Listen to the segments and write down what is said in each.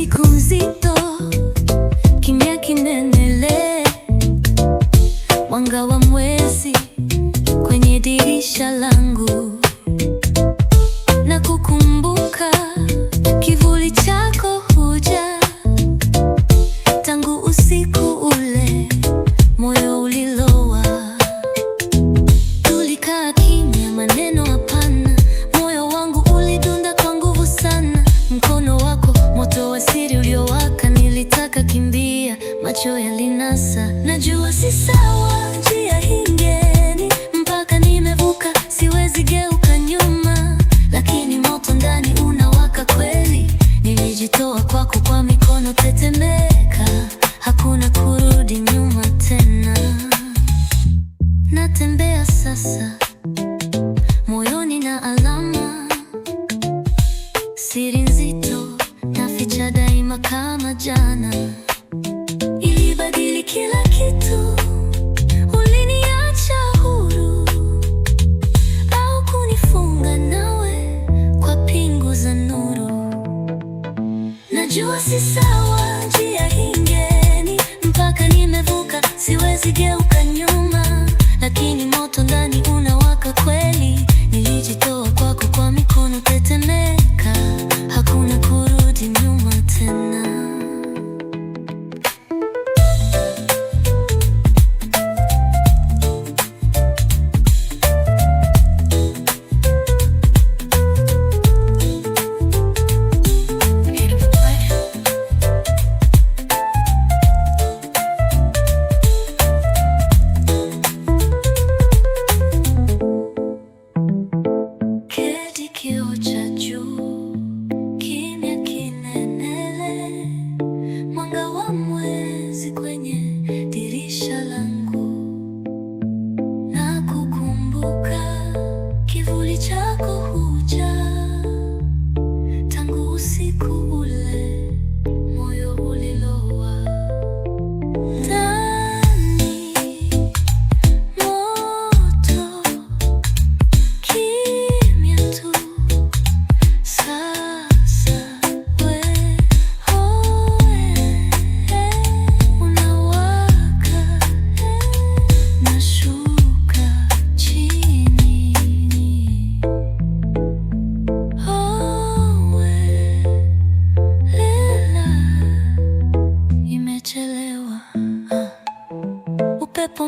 siku nzito, kimya kinenele, mwanga wa mwezi kwenye dirisha langu. kuninasa. Najua si sawa, njia hii ngeni, mpaka nimevuka, siwezi geuka nyuma, lakini moto ndani unawaka kweli. Nilijitoa kwako kwa mikono tetemeka, hakuna kurudi nyuma tena. Natembea sasa, moyoni na alama, siri nzito naficha daima kama jana kila kitu, uliniacha huru au kunifunga nawe kwa pingu za nuru. Najua si sawa njia hii mpaka nimevuka, siwezi geuka nyuma. kwenye dirisha langu na kukumbuka kivuli chako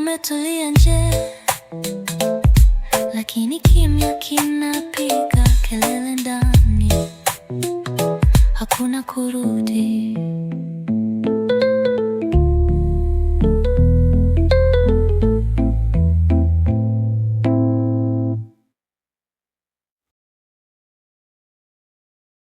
umetulia nje, lakini kimya kinapiga kelele ndani, hakuna kurudi.